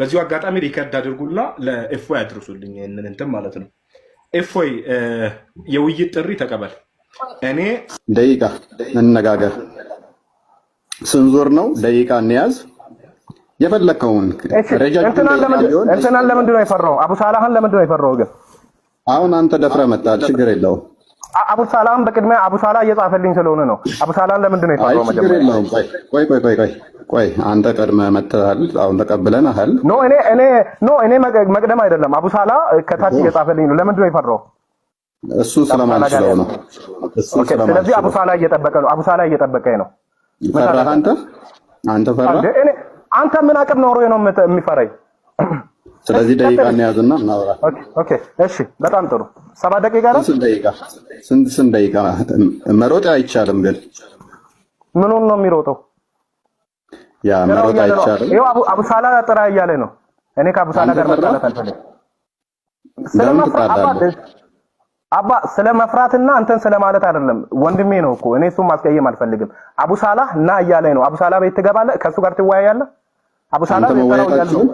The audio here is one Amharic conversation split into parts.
በዚሁ አጋጣሚ ሪከርድ አድርጉና ለእፎይ አድርሱልኝ። ይህንን እንትን ማለት ነው። ኤፎይ የውይይት ጥሪ ተቀበል። እኔ ደቂቃ እንነጋገር፣ ስንዞር ነው ደቂቃ እንያዝ። የፈለግከውን እንትናን ለምንድን ነው የፈራው? አቡሳላህን ለምንድን ነው የፈራው? ግን አሁን አንተ ደፍረህ መጣል ችግር የለውም አቡሳላም በቅድሚያ አቡሳላ እየጻፈልኝ ስለሆነ ነው። አቡሳላን ለምንድን ነው የጻፈው? መጀመሪያ ቆይ ቆይ ቆይ ቆይ አንተ ቀድመህ መጥተሃል። አሁን ተቀብለናል። ኖ እኔ እኔ ኖ እኔ መቅደም አይደለም። አቡሳላ ከታች እየጻፈልኝ ነው። ለምንድን ነው የፈራው? እሱ ስለማልችለው ነው። እሱ ስለማልችለው ስለዚህ አቡሳላ እየጠበቀ ነው። አቡሳላ እየጠበቀኝ ነው። ፈራህ አንተ አንተ ፈራህ። አንተ ምን አቅም ኖሮ ነው የሚፈራኝ? ስለዚህ ደቂቃ እንያዝና እናወራ። ኦኬ እሺ፣ በጣም ጥሩ። ሰባ ደቂቃ ነው። ስንት ደቂቃ ስንት ስንት ደቂቃ መሮጥ አይቻልም። ግን ምኑን ነው የሚሮጠው? ያ መሮጥ አይቻልም። ይኸው አቡሳላ ጥራ እያለ ነው። እኔ ከአቡሳላ ጋር መጣላት አልፈልግም። አባ ስለመፍራትና አንተን ስለማለት አይደለም። ወንድሜ ነው እኮ እኔ እሱም ማስቀየም አልፈልግም። አቡሳላ እና እያለ ነው። አቡሳላ ቤት ትገባለህ፣ ከእሱ ጋር ትወያያለህ። አቡሳላ ቤት ነው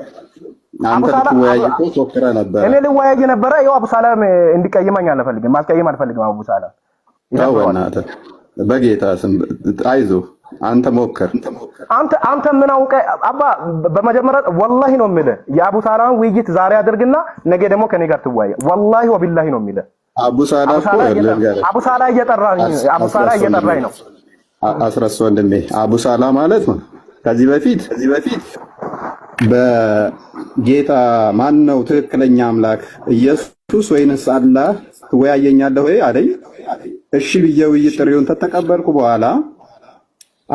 እኔ ልወያይ ነበረ። ይኸው አቡሳላም እንዲቀይመኝ አልፈልግም፣ ማስቀየም አልፈልግም። አቡሳላ በጌታ ስም አይዞህ። አንተ ሞከር፣ አንተ አንተ ምን አውቀህ አባ። በመጀመሪያ ወላሂ ነው የምልህ የአቡሳላም ውይይት ዛሬ አድርግና ነገ ደግሞ ከኔ ጋር ትወያይ። ወላሂ ወቢላሂ ነው የምልህ። አቡሳላ አቡሳላ እየጠራኝ አቡሳላ እየጠራኝ ነው። አስረስ ወንድሜ አቡሳላ ማለት ነው ከዚህ በፊት በጌታ ማን ነው ትክክለኛ አምላክ ኢየሱስ ወይንስ አላህ? ትወያየኛለህ ወይ አለኝ። እሺ ብዬ ውይይት ጥሪውን ተተቀበልኩ። በኋላ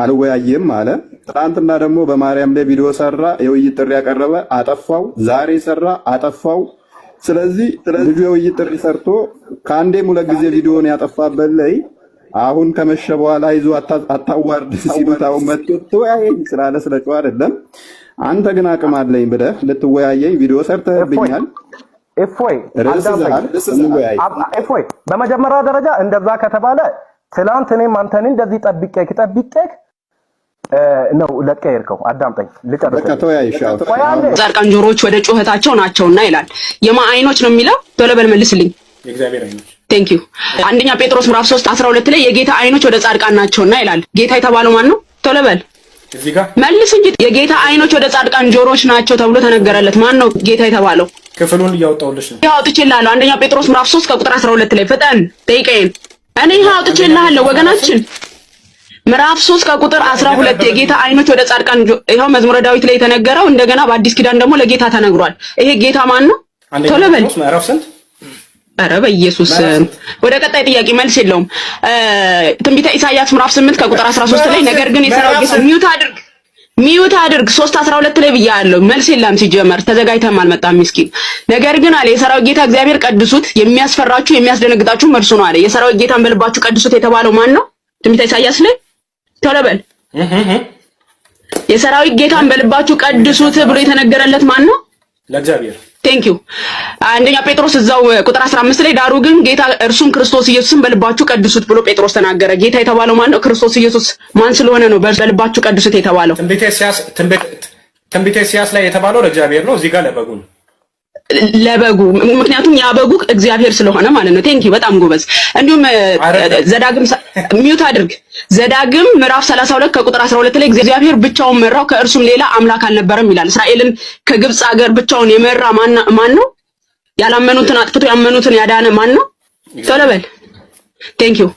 አልወያየም አለ። ትናንትና ደግሞ በማርያም ላይ ቪዲዮ ሰራ፣ የውይይት ጥሪ ያቀረበ አጠፋው። ዛሬ ሰራ፣ አጠፋው። ስለዚህ ልጁ የውይይት ጥሪ ሰርቶ ከአንዴም ሁለት ጊዜ ቪዲዮን ያጠፋበት ላይ አሁን ከመሸ በኋላ ይዞ አታዋርድ ሲሉት አሁን መጥቶ ትወያየኝ ስላለ ስለጨው አይደለም አንተ ግን አቅም አለኝ ብለህ ልትወያየኝ ቪዲዮ ሰርተህብኛል። እፎይ በመጀመሪያ ደረጃ እንደዛ ከተባለ ትላንት እኔም አንተን እንደዚህ ጠብቄክ ጠብቄክ ነው ለቀ ይርከው አዳምጠኝ ልጨርሰው። ቀንጆሮች ወደ ጩኸታቸው ናቸውና ይላል። የማ አይኖች ነው የሚለው። ቶሎ በል መልስልኝ። ቴንክ ዩ። አንደኛ ጴጥሮስ ምዕራፍ 3 12 ላይ የጌታ አይኖች ወደ ጻድቃን ናቸውና ይላል። ጌታ የተባለው ማን ነው? ቶሎ በል መልስ እንጂ የጌታ አይኖች ወደ ጻድቃን ጆሮች ናቸው ተብሎ ተነገረለት። ማን ነው ጌታ የተባለው? ክፍሉን እያወጣሁልሽ ነው። አውጥቼልሃለሁ። አንደኛ ጴጥሮስ ምዕራፍ 3 ከቁጥር 12 ላይ ፍጠን ጠይቀኝ። እኔ አውጥቼልሃለሁ ወገናችን ምዕራፍ 3 ከቁጥር 12 የጌታ አይኖች ወደ ጻድቃን ይኸው መዝሙረ ዳዊት ላይ የተነገረው እንደገና በአዲስ ኪዳን ደግሞ ለጌታ ተነግሯል። ይሄ ጌታ ማን ነው? ቶሎ በል ምዕራፍ ኧረ በኢየሱስ ወደ ቀጣይ ጥያቄ መልስ የለውም። ትንቢተ ኢሳያስ ምዕራፍ 8 ከቁጥር 13 ላይ ነገር ግን የሰራው ጌታ ሚውት አድርግ ሚውት አድርግ 3 12 ላይ ብያለሁ። መልስ የለም ሲጀመር ተዘጋጅተም አልመጣም ምስኪን። ነገር ግን አለ የሰራው ጌታ እግዚአብሔር ቀድሱት፣ የሚያስፈራችሁ የሚያስደነግጣችሁ መልሱ ነው አለ። የሰራው ጌታን በልባችሁ ቀድሱት የተባለው ማን ነው? ትንቢተ ኢሳያስ ላይ ቶሎ በል። የሰራዊት ጌታን በልባችሁ ቀድሱት ብሎ የተነገረለት ማን ነው? ለእግዚአብሔር ቴንክ ዩ አንደኛ ጴጥሮስ እዛው ቁጥር 15 ላይ ዳሩ ግን ጌታ እርሱም ክርስቶስ ኢየሱስን በልባችሁ ቀድሱት ብሎ ጴጥሮስ ተናገረ። ጌታ የተባለው ማን ነው? ክርስቶስ ኢየሱስ ማን ስለሆነ ነው በልባችሁ ቀድሱት የተባለው? ትንቢተ ኢሳይያስ ላይ የተባለው ለእግዚአብሔር ነው። እዚህ ጋር ለበጉ ነው። ለበጉ ምክንያቱም ያበጉ እግዚአብሔር ስለሆነ ማለት ነው። ቴንኪ በጣም ጎበዝ። እንዲሁም ዘዳግም ሚውት አድርግ ዘዳግም ምዕራፍ 32 ከቁጥር 12 ላይ እግዚአብሔር ብቻውን መራው ከእርሱም ሌላ አምላክ አልነበረም ይላል። እስራኤልን ከግብፅ ሀገር ብቻውን የመራ ማን ነው? ያላመኑትን አጥፍቶ ያመኑትን ያዳነ ማን ነው? ቶሎ በል ቴንኪው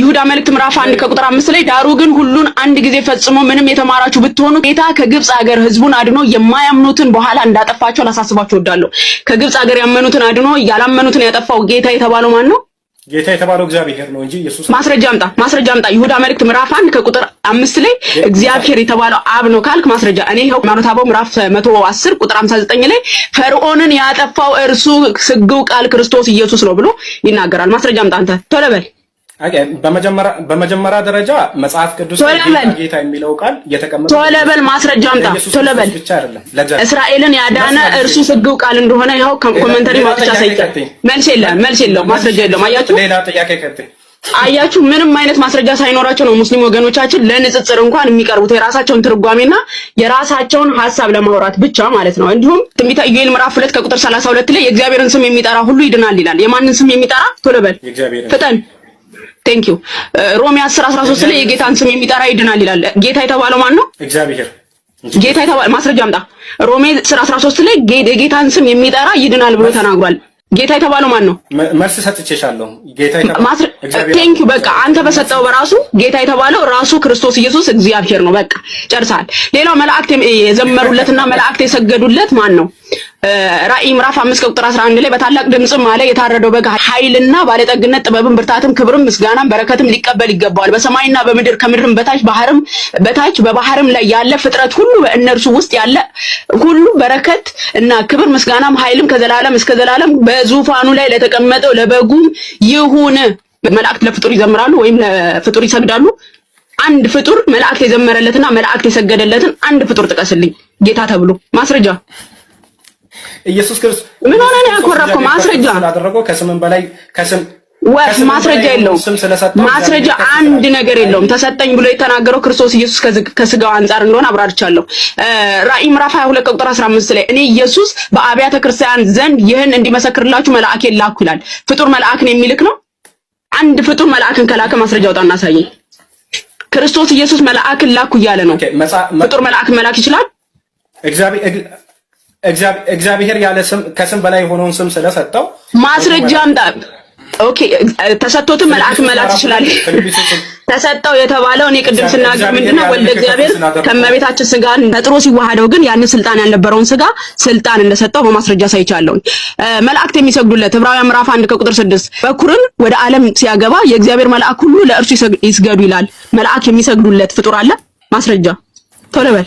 ይሁዳ መልእክት ምዕራፍ አንድ ከቁጥር አምስት ላይ ዳሩ ግን ሁሉን አንድ ጊዜ ፈጽሞ ምንም የተማራችሁ ብትሆኑ ጌታ ከግብጽ ሀገር ህዝቡን አድኖ የማያምኑትን በኋላ እንዳጠፋቸው ላሳስባችሁ እወዳለሁ። ከግብጽ ሀገር ያመኑትን አድኖ ያላመኑትን ያጠፋው ጌታ የተባለው ማን ነው? ጌታ የተባለው እግዚአብሔር ነው እንጂ ኢየሱስ። ማስረጃ አምጣ፣ ማስረጃ አምጣ። ይሁዳ መልእክት ምዕራፍ አንድ ከቁጥር አምስት ላይ እግዚአብሔር የተባለው አብ ነው ካልክ ማስረጃ እኔ ይኸው ሃይማኖተ አበው ምዕራፍ 110 ቁጥር 59 ላይ ፈርዖንን ያጠፋው እርሱ ስግው ቃል ክርስቶስ ኢየሱስ ነው ብሎ ይናገራል። ማስረጃ አምጣ አንተ ቶሎ በል። በመጀመሪያ ደረጃ መጽሐፍ ቅዱስ ጌታ የሚለው ቃል እየተቀመጠ ቶሎ ማስረጃ አምጣ። ቶለበል ብቻ አይደለም እስራኤልን ያዳነ እርሱ ስግው ቃል እንደሆነ ያው ኮመንተሪ ማጥቻ ሳይቀር መልስ የለም፣ መልስ የለም፣ ማስረጃ የለም። አያችሁ፣ ሌላ ጥያቄ ከጥይ አያችሁ፣ ምንም አይነት ማስረጃ ሳይኖራቸው ነው ሙስሊም ወገኖቻችን ለንጽጽር እንኳን የሚቀርቡት የራሳቸውን ትርጓሜና የራሳቸውን ሀሳብ ለማውራት ብቻ ማለት ነው። እንዲሁም ትንቢተ ኢዩኤል ምዕራፍ ሁለት ከቁጥር 32 ላይ የእግዚአብሔርን ስም የሚጠራ ሁሉ ይድናል ይላል። የማንን ስም የሚጠራ ቶሎ በል ፍጠን ቴንክ ዩ ሮሜ 10 13 ላይ የጌታን ስም የሚጠራ ይድናል ይላል። ጌታ የተባለው ማን ነው? እግዚአብሔር። ጌታ የተባለ ማስረጃ አምጣ። ሮሜ 13 ላይ የጌታን ስም የሚጠራ ይድናል ብሎ ተናግሯል። ጌታ የተባለው ማን ነው? መልስ ሰጥቼሻለሁ። ጌታ የተባለው ቴንክ ዩ በቃ አንተ በሰጠው በራሱ ጌታ የተባለው ራሱ ክርስቶስ ኢየሱስ እግዚአብሔር ነው። በቃ ጨርሳል። ሌላው መላእክት የዘመሩለትና መላእክት የሰገዱለት ማን ነው? ራእይ ምዕራፍ አምስት ቁጥር አንድ ላይ በታላቅ ድምፅም አለ የታረደው በግ ኃይልና ባለጠግነት ጥበብን፣ ብርታትም፣ ክብርም፣ ምስጋናም፣ በረከትም ሊቀበል ይገባዋል። በሰማይና በምድር ከምድርም በታች ባህርም በታች በባህርም ላይ ያለ ፍጥረት ሁሉ በእነርሱ ውስጥ ያለ ሁሉ በረከት እና ክብር፣ ምስጋናም፣ ኃይልም ከዘላለም እስከ ዘላለም በዙፋኑ ላይ ለተቀመጠው ለበጉም ይሁን። መላእክት ለፍጡር ይዘምራሉ ወይም ለፍጡር ይሰግዳሉ። አንድ ፍጡር መላእክት የዘመረለትና መላእክት የሰገደለትን አንድ ፍጡር ጥቀስልኝ ጌታ ተብሎ ማስረጃ ኢየሱስ ክርስቶስ ምን ሆነ ነው ያኮራከው? ማስረጃ ስላደረገው ከስምም በላይ ከስም ማስረጃ የለውም። ማስረጃ አንድ ነገር የለውም። ተሰጠኝ ብሎ የተናገረው ክርስቶስ ኢየሱስ ከስጋው አንጻር እንደሆነ አብራርቻለሁ። ራእይ ምዕራፍ 22 ቁጥር 15 ላይ እኔ ኢየሱስ በአብያተ ክርስቲያን ዘንድ ይህን እንዲመሰክርላችሁ መልአክ ላኩ ይላል። ፍጡር መልአክን የሚልክ ነው? አንድ ፍጡር መልአክን ከላከ ማስረጃ አውጣ እናሳየኝ። ክርስቶስ ኢየሱስ መልአክን ላኩ እያለ ነው። ፍጡር መልአክን መላክ ይችላል? እግዚአብሔር ያለ ስም ከስም በላይ የሆነውን ስም ስለሰጠው ማስረጃ አምጣ። ኦኬ ተሰጥቶትም መልአክ መላት ይችላል። ተሰጠው የተባለው እኔ ቅድም ስናገር ምንድነው ወልደ እግዚአብሔር ከመቤታችን ስጋ ነጥሮ ሲዋሃደው ግን ያንን ስልጣን ያልነበረውን ስጋ ስልጣን እንደሰጠው በማስረጃ ሳይቻለሁ። መላእክት የሚሰግዱለት ዕብራውያን ምዕራፍ አንድ ከቁጥር ስድስት በኩርን ወደ ዓለም ሲያገባ የእግዚአብሔር መልአክ ሁሉ ለእርሱ ይስገዱ ይላል። መልአክ የሚሰግዱለት ፍጡር አለ። ማስረጃ ቶሎ በል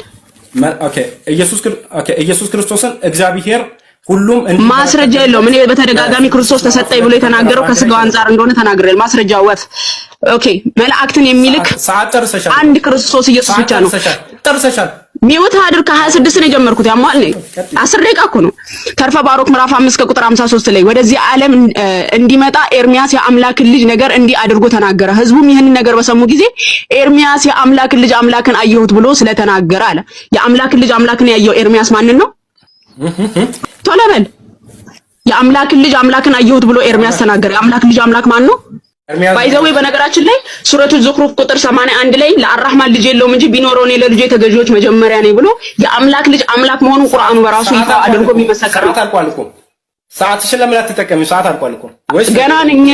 ኢየሱስ ክርስቶስን እግዚአብሔር ሁሉም ማስረጃ የለውም። እኔ በተደጋጋሚ ክርስቶስ ተሰጠኝ ብሎ የተናገረው ከስጋው አንጻር እንደሆነ ተናግረል። ማስረጃ ወፍ ኦኬ፣ መላእክትን የሚልክ አንድ ክርስቶስ ኢየሱስ ብቻ ነው። ጠርሰሻል። ሚውት አድርግ። ሀያ ስድስት ነው የጀመርኩት ያሟል ነኝ አስር ደቂቃ እኮ ነው። ተርፈ ባሮክ ምዕራፍ አምስት ከቁጥር ሀምሳ ሶስት ላይ ወደዚህ ዓለም እንዲመጣ ኤርሚያስ የአምላክን ልጅ ነገር እንዲህ አድርጎ ተናገረ። ህዝቡም ይህንን ነገር በሰሙ ጊዜ ኤርሚያስ የአምላክን ልጅ አምላክን አየሁት ብሎ ስለተናገረ አለ። የአምላክን ልጅ አምላክን ያየው ኤርሚያስ ማንን ነው? ቶሎ በል። የአምላክን ልጅ አምላክን አየሁት ብሎ ኤርሚያስ ተናገረ። የአምላክን ልጅ አምላክ ማን ነው? ባይዘዌ በነገራችን ላይ ሱረቱ ዙክሩፍ ቁጥር 81 ላይ ለአራህማን ልጅ የለውም እንጂ ቢኖረው እኔ ለልጅ ተገዢዎች መጀመሪያ ነኝ ብሎ የአምላክ ልጅ አምላክ መሆኑን ቁርአኑ በራሱ ይፋ አድርጎ የሚመሰከር ነው። ሰዓትሽን ለምን አትጠቀሚው? ሰዓት አልቋል እኮ ወይስ ገና ነኝ?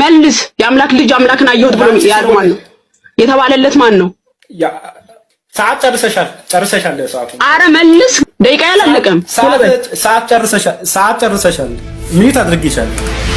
መልስ። የአምላክ ልጅ አምላክን አየሁት ብሎ ያለው ማን ነው? የተባለለት ማን ነው? ሰዓት ጨርሰሻል፣ ጨርሰሻል። ሰዓት አረ መልስ። ደቂቃ ያላለቀም። ሰዓት ጨርሰሻል፣ ሰዓት ጨርሰሻል። ሚዩት አድርጊሻል።